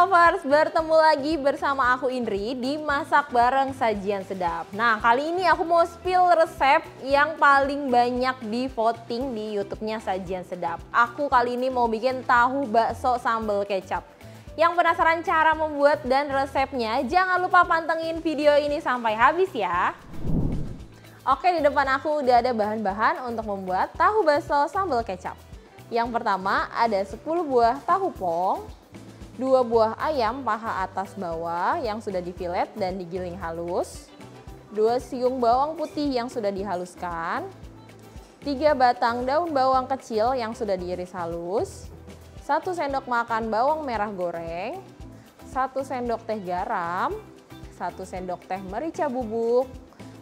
lovers, bertemu lagi bersama aku Indri di Masak Bareng Sajian Sedap. Nah, kali ini aku mau spill resep yang paling banyak di voting di YouTube-nya Sajian Sedap. Aku kali ini mau bikin tahu bakso sambal kecap. Yang penasaran cara membuat dan resepnya, jangan lupa pantengin video ini sampai habis ya. Oke, di depan aku udah ada bahan-bahan untuk membuat tahu bakso sambal kecap. Yang pertama ada 10 buah tahu pong, 2 buah ayam paha atas bawah yang sudah difilet dan digiling halus, 2 siung bawang putih yang sudah dihaluskan, 3 batang daun bawang kecil yang sudah diiris halus, 1 sendok makan bawang merah goreng, 1 sendok teh garam, 1 sendok teh merica bubuk,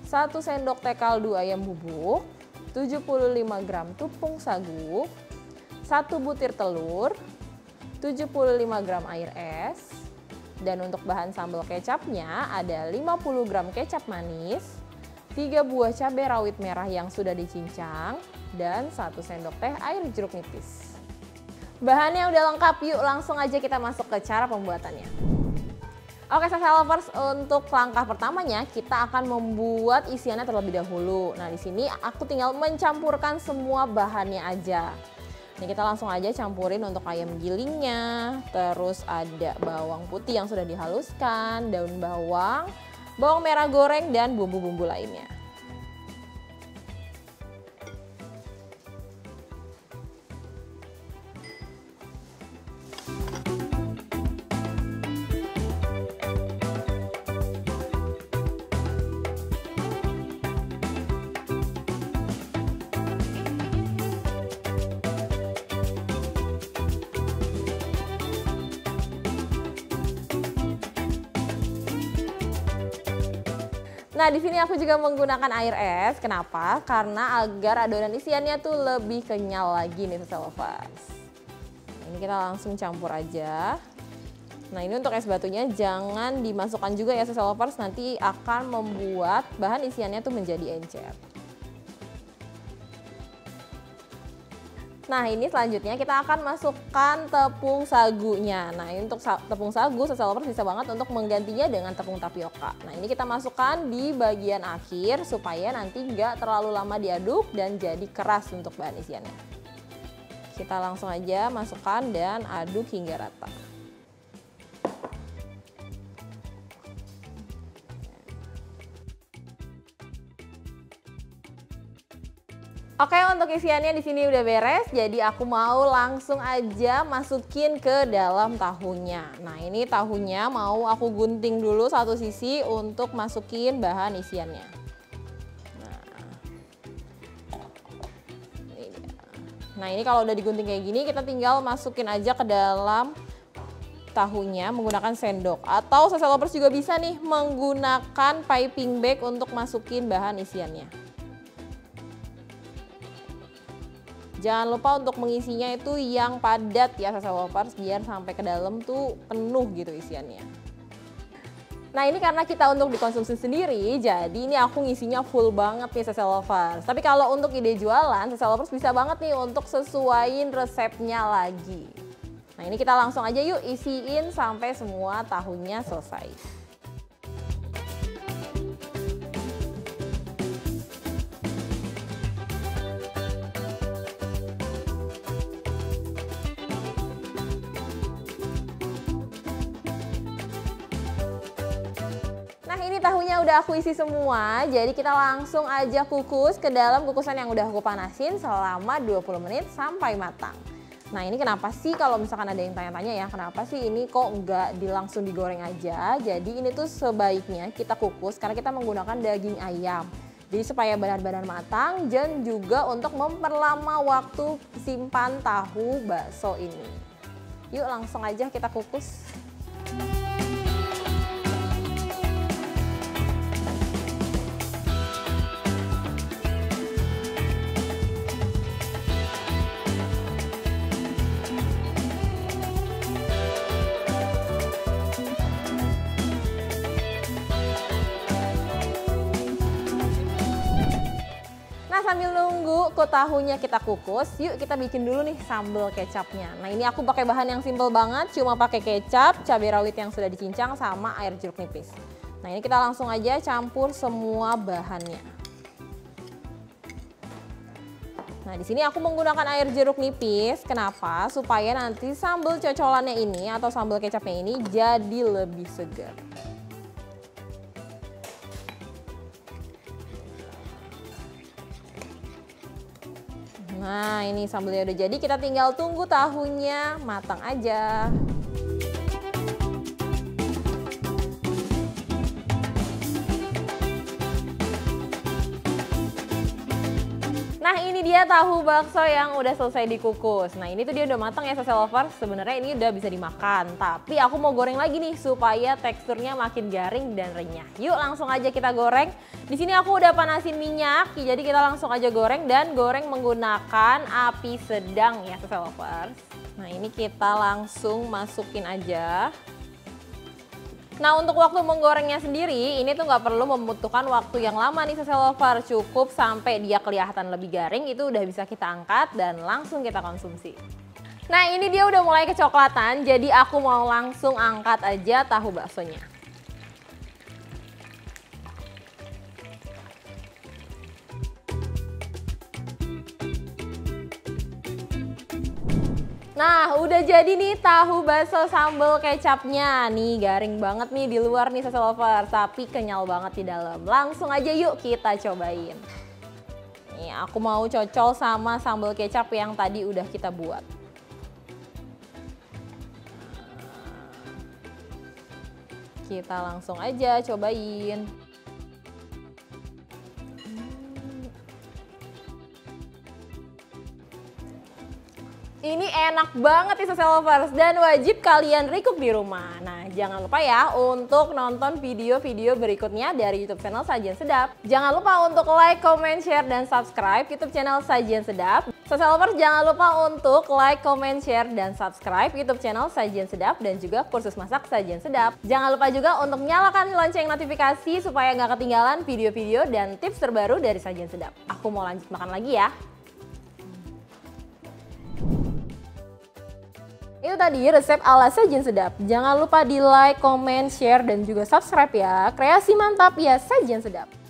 1 sendok teh kaldu ayam bubuk, 75 gram tepung sagu, 1 butir telur, 75 gram air es, dan untuk bahan sambal kecapnya ada 50 gram kecap manis, 3 buah cabai rawit merah yang sudah dicincang, dan 1 sendok teh air jeruk nipis. Bahannya udah lengkap, yuk langsung aja kita masuk ke cara pembuatannya. Oke salsa lovers, untuk langkah pertamanya kita akan membuat isiannya terlebih dahulu. Nah di sini aku tinggal mencampurkan semua bahannya aja ini nah, kita langsung aja campurin untuk ayam gilingnya, terus ada bawang putih yang sudah dihaluskan, daun bawang, bawang merah goreng, dan bumbu-bumbu lainnya. Nah, di sini aku juga menggunakan air es. Kenapa? Karena agar adonan isiannya tuh lebih kenyal lagi nih Social Ini kita langsung campur aja. Nah, ini untuk es batunya jangan dimasukkan juga ya Social Nanti akan membuat bahan isiannya tuh menjadi encer. Nah ini selanjutnya kita akan masukkan tepung sagunya. Nah ini untuk tepung sagu sesalopers bisa banget untuk menggantinya dengan tepung tapioka. Nah ini kita masukkan di bagian akhir supaya nanti nggak terlalu lama diaduk dan jadi keras untuk bahan isiannya. Kita langsung aja masukkan dan aduk hingga rata. Oke untuk isiannya di sini udah beres, jadi aku mau langsung aja masukin ke dalam tahunya. Nah ini tahunya mau aku gunting dulu satu sisi untuk masukin bahan isiannya. Nah ini, nah, kalau udah digunting kayak gini kita tinggal masukin aja ke dalam tahunya menggunakan sendok. Atau seselopers juga bisa nih menggunakan piping bag untuk masukin bahan isiannya. Jangan lupa untuk mengisinya itu yang padat ya sasa Lovers biar sampai ke dalam tuh penuh gitu isiannya. Nah ini karena kita untuk dikonsumsi sendiri, jadi ini aku ngisinya full banget nih sasa lovers. Tapi kalau untuk ide jualan, sasa lovers bisa banget nih untuk sesuaiin resepnya lagi. Nah ini kita langsung aja yuk isiin sampai semua tahunya selesai. kan ini tahunya udah aku isi semua, jadi kita langsung aja kukus ke dalam kukusan yang udah aku panasin selama 20 menit sampai matang. Nah ini kenapa sih kalau misalkan ada yang tanya-tanya ya, kenapa sih ini kok nggak dilangsung digoreng aja? Jadi ini tuh sebaiknya kita kukus karena kita menggunakan daging ayam. Jadi supaya bahan-bahan matang dan juga untuk memperlama waktu simpan tahu bakso ini. Yuk langsung aja kita kukus. sambil nunggu kok tahunya kita kukus, yuk kita bikin dulu nih sambal kecapnya. Nah ini aku pakai bahan yang simple banget, cuma pakai kecap, cabai rawit yang sudah dicincang, sama air jeruk nipis. Nah ini kita langsung aja campur semua bahannya. Nah di sini aku menggunakan air jeruk nipis, kenapa? Supaya nanti sambal cocolannya ini atau sambal kecapnya ini jadi lebih segar. Nah ini sambalnya udah jadi, kita tinggal tunggu tahunya matang aja. tahu bakso yang udah selesai dikukus. Nah ini tuh dia udah matang ya sosial lover. Sebenarnya ini udah bisa dimakan. Tapi aku mau goreng lagi nih supaya teksturnya makin garing dan renyah. Yuk langsung aja kita goreng. Di sini aku udah panasin minyak. Jadi kita langsung aja goreng dan goreng menggunakan api sedang ya sosial lover. Nah ini kita langsung masukin aja. Nah untuk waktu menggorengnya sendiri, ini tuh nggak perlu membutuhkan waktu yang lama nih sosial lover. Cukup sampai dia kelihatan lebih garing itu udah bisa kita angkat dan langsung kita konsumsi. Nah ini dia udah mulai kecoklatan, jadi aku mau langsung angkat aja tahu baksonya. udah jadi nih tahu bakso sambal kecapnya. Nih garing banget nih di luar nih sasa lover, tapi kenyal banget di dalam. Langsung aja yuk kita cobain. Nih aku mau cocol sama sambal kecap yang tadi udah kita buat. Kita langsung aja cobain. Ini enak banget Isa Lovers dan wajib kalian recook di rumah. Nah, jangan lupa ya untuk nonton video-video berikutnya dari YouTube channel Sajian Sedap. Jangan lupa untuk like, comment, share, dan subscribe YouTube channel Sajian Sedap. Social Lovers jangan lupa untuk like, comment, share, dan subscribe YouTube channel Sajian Sedap dan juga kursus masak Sajian Sedap. Jangan lupa juga untuk nyalakan lonceng notifikasi supaya nggak ketinggalan video-video dan tips terbaru dari Sajian Sedap. Aku mau lanjut makan lagi ya. Itu tadi resep ala sajian sedap. Jangan lupa di like, comment, share, dan juga subscribe ya. Kreasi mantap ya sajian sedap.